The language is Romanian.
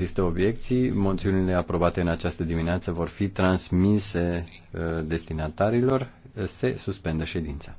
există obiecții, moțiunile aprobate în această dimineață vor fi transmise uh, destinatarilor. Se suspendă ședința.